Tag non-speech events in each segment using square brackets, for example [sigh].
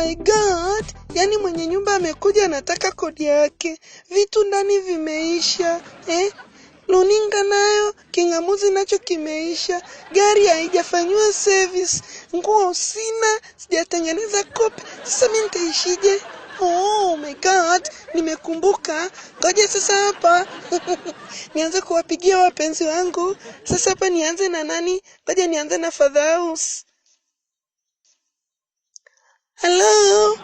my god! Yaani mwenye nyumba amekuja anataka kodi yake, vitu ndani vimeisha eh? Luninga nayo king'amuzi nacho kimeisha, gari haijafanyiwa service, nguo sina, sijatengeneza kope. Sasa mimi nitaishije? Oh my god, nimekumbuka. Ngoja sasa hapa [laughs] nianze kuwapigia wapenzi wangu. Sasa hapa nianze na nani? Ngoja nianze na Fadhaus. Hello.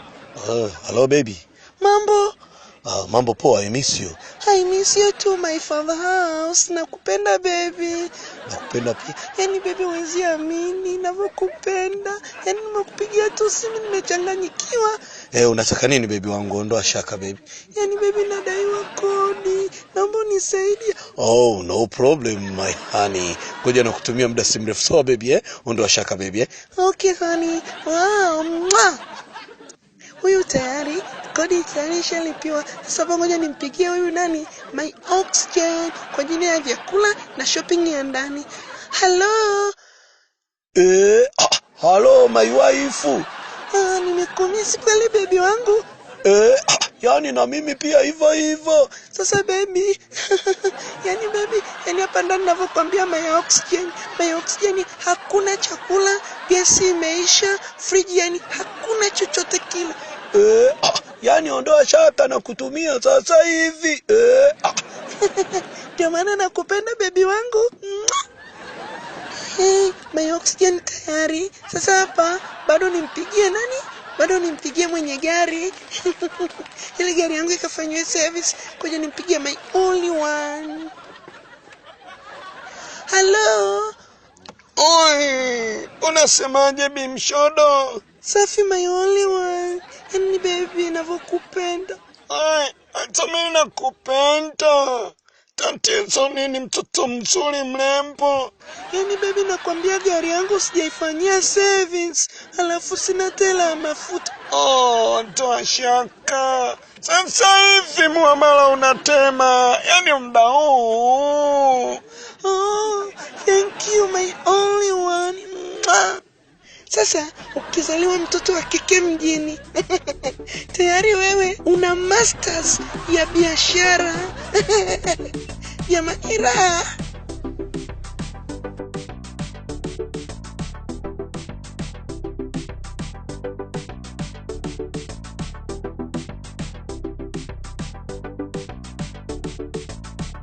Uh, hello baby. Mambo? Uh, mambo poa, I miss you. I miss you too my father house. Nakupenda baby. Nakupenda pia. Yaani baby huwezi amini ninavyokupenda. Yaani nimekupigia tu simu nimechanganyikiwa. Eh, hey, unataka nini baby wangu? Ondoa shaka baby. Yaani baby nadaiwa kodi. Naomba unisaidie. Oh, no problem my honey. Ngoja na kutumia muda si mrefu. So baby eh, ondoa shaka baby eh. Okay honey. Wow. Mwah huyu tayari kodi tayari ishalipiwa. Sasa hapo ngoja nimpigie huyu nani, my oxygen kwa ajili ya vyakula na shopping ya ndani. Halo eh, halo my wife. Ah, nimekumia siku ile bebi wangu eh, yani na mimi pia hivyo hivyo. Sasa baby [laughs] yani baby, yani hapa ndani ninavyokuambia, my oxygen my oxygen, hakuna chakula, gesi imeisha, friji yani hakuna chochote kile e, ah, yani ondoa shaka na kutumia sasa hivi eh, ah. [laughs] Ndio maana nakupenda bebi wangu. Hey, my oxygen tayari. Sasa hapa bado nimpigie nani? Bado nimpigie mwenye gari. [laughs] Ile gari yangu ikafanywe service. Kuja nimpigie my only one. Unasemaje Bimshodo? Safi my only one. Yani baby ninavyokupenda. Ai, hata mimi nakupenda. Tatizo nini mtoto mzuri mrembo? Yani baby nakwambia gari yangu sijaifanyia savings, alafu sina tela ya mafuta. Oh, ndoa shaka. Sasa hivi muamala unatema. Yani mda huu Sasa ukizaliwa mtoto wa kike mjini [laughs] tayari wewe una masters ya biashara. Jamani, [laughs] raha!